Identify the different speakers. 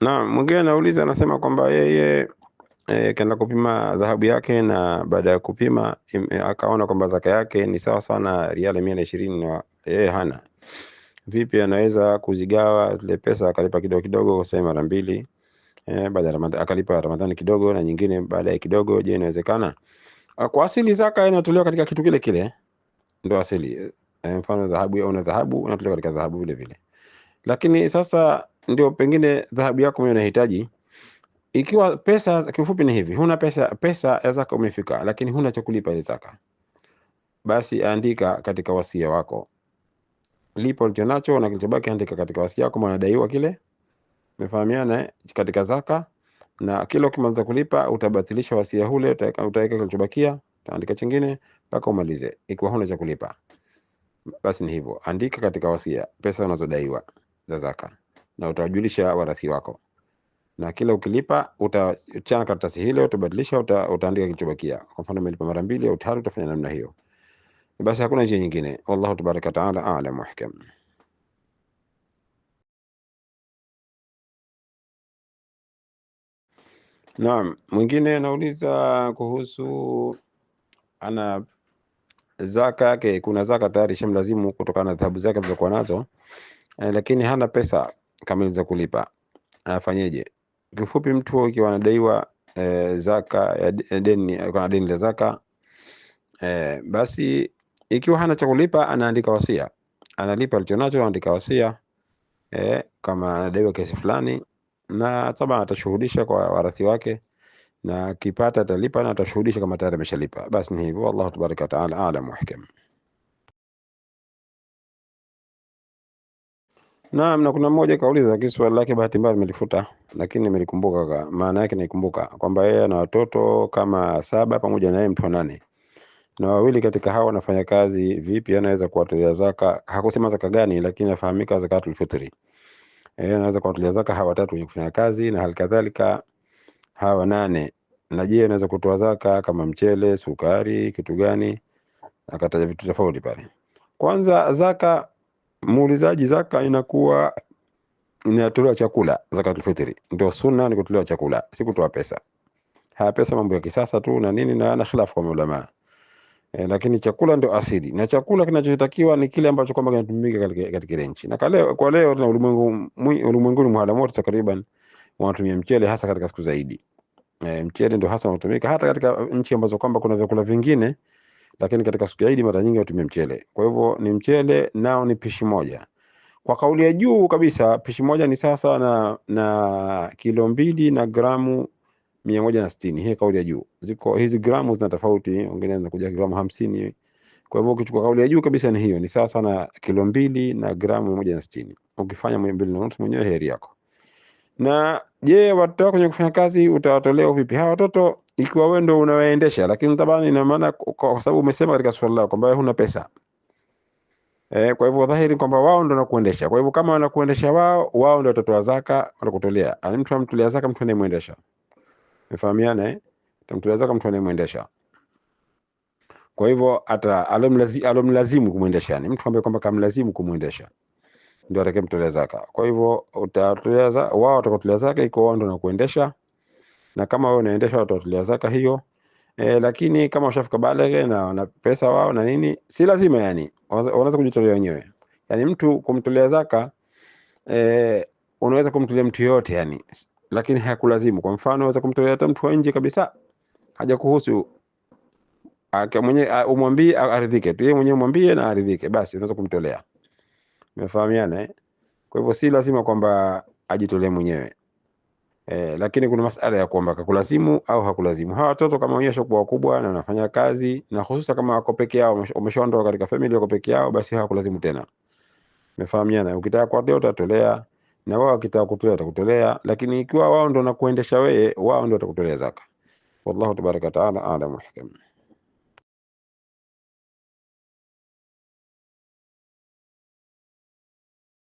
Speaker 1: na mwingine anauliza anasema kwamba yeye e, kaenda kupima dhahabu yake na baada ya kupima eh, akaona kwamba zaka yake ni sawa sana na riali mia na ishirini na yeye hana. Vipi anaweza kuzigawa zile pesa akalipa kidogo kidogo kwa mara mbili e, baada ya akalipa Ramadhani kidogo na nyingine baada ya kidogo? Je, inawezekana? Ah, kwa asili zaka inatolewa katika kitu kile kile, ndio asili. E, mfano dhahabu, au na dhahabu inatolewa katika dhahabu vile vile, lakini sasa ndio pengine dhahabu yako mwenyewe unahitaji. Ikiwa pesa, kifupi ni hivi, huna pesa, pesa ya zaka umefika, lakini huna cha kulipa ile zaka, basi andika katika wasia wako, lipo ulicho nacho na kilichobaki andika katika wasia wako, maana daiwa kile, umefahamiana katika zaka na kila ukimaliza kulipa utabatilisha wasia ule, utaweka kilichobakia, utaandika chingine mpaka umalize. Ikiwa huna cha kulipa, basi ni hivyo, andika katika wasia pesa unazodaiwa za zaka na utawajulisha warathi wako, na kila ukilipa utachana karatasi hilo, utabadilisha, uta, utaandika kilichobakia. Kwa mfano umelipa mara mbili au tatu, utafanya namna hiyo. Basi hakuna njia nyingine. Wallahu tabaraka taala alam wahkam.
Speaker 2: Naam, mwingine anauliza kuhusu ana zaka yake. Kuna zaka tayari shamlazimu kutokana na dhahabu zake alizokuwa nazo eh, lakini hana pesa kamili za kulipa anafanyeje? Kifupi, mtu ukiwa anadaiwa e, zaka ya eh, deni, ana deni la zaka e, basi ikiwa hana cha kulipa anaandika wasia, analipa alichonacho, anaandika wasia e, kama anadaiwa kesi fulani, na taba atashuhudisha kwa warathi wake, na kipata atalipa na atashuhudisha kama tayari ameshalipa. Basi ni hivyo. Wallahu tabaraka wataala alam wa wahkam. Naam, na kuna mmoja kauliza lakini swali lake bahati mbaya nimelifuta, lakini nimelikumbuka maana yake naikumbuka kwamba yeye ana watoto kama saba pamoja na yeye mtu nane. Na wawili katika hao wanafanya kazi vipi anaweza kuwatolea zaka? Hakusema zaka gani lakini afahamika zakatul fitri. Eh, anaweza kuwatolea zaka hawa watatu wenye kufanya kazi na hali kadhalika hawa nane. Na je, anaweza kutoa zaka kama mchele, sukari, kitu gani? Akataja vitu tofauti pale. Kwanza zaka muulizaji, zaka inakuwa inatolewa chakula, zakatul fitri ndio sunna, ni kutolewa chakula, si kutoa pesa. Haya pesa mambo ya kisasa tu na nini, na ana khilafu kwa maulama e, eh, lakini chakula ndio asili, na chakula kinachotakiwa ni kile ambacho kwamba kinatumika katika ile nchi. Na kale, kwa leo na ulimwengu ulimwenguni mhala moto takriban wanatumia mchele hasa katika siku zaidi e, eh, mchele ndio hasa unatumika hata katika nchi ambazo kwamba kuna vyakula vingine lakini katika siku ya Idi mara nyingi watumia mchele. Kwa hivyo ni mchele nao ni pishi moja. Kwa kauli ya juu kabisa pishi moja ni sawa na, na kilo mbili na gramu mia moja na sitini. Hii kauli ya juu. Ziko hizi gramu zina tofauti, wengine zinakuja gramu hamsini. Kwa hivyo ukichukua kauli ya juu kabisa ni hiyo, ni sawa na kilo mbili na gramu mia moja na sitini. Ukifanya mbili na nusu mwenyewe heri yako na je, watoto wako kwenye kufanya kazi utawatolea vipi hawa watoto ikiwa wewe ndio unawaendesha? Lakini tabani, ina maana kwa sababu umesema katika swali lako kwamba huna pesa e, kwa hivyo dhahiri kwamba wao ndio wanakuendesha. Kwa hivyo kama wanakuendesha wao, wao ndio watatoa zaka, wanakutolea. Yaani mtu amtolea zaka mtu anayemwendesha, mfahamiane eh? Mtolea zaka mtu anayemwendesha. Kwa hivyo ata alomlazimu kumwendesha, yani mtu ambaye kwamba kamlazimu kumwendesha ndio atakayemtolea zaka. Kwa hivyo utatolea zaka, wao watakotolea zaka iko wao ndio nakuendesha, na kama wewe unaendesha wao watatolea zaka hiyo. E, lakini kama ushafika balaghe na na pesa wao na nini, si lazima yani, wanaweza kujitolea wenyewe. Yani mtu kumtolea zaka e, unaweza kumtolea mtu yote yani, lakini hakulazimu. Kwa mfano unaweza kumtolea hata mtu wa nje kabisa, hajakuhusu mwenye, umwambie aridhike tu, yeye mwenyewe umwambie na aridhike, basi unaweza kumtolea Umefahamiana eh? Kwa hivyo si lazima kwamba ajitolee mwenyewe. e, lakini kuna masala ya kwamba kakulazimu au hakulazimu. Hawa watoto kama wenyewe washakuwa wakubwa na wanafanya kazi na hususa kama wako peke yao, wameshaondoka katika family wako peke yao, basi hawakulazimu tena. Umefahamiana? Ukitaka kuwatolea utatolea na wao wakitaka kutolea watakutolea, lakini ikiwa wao ndio nakuendesha wewe, wao ndio watakutolea zaka. Wallahu tabaraka taala a'lamu hikam.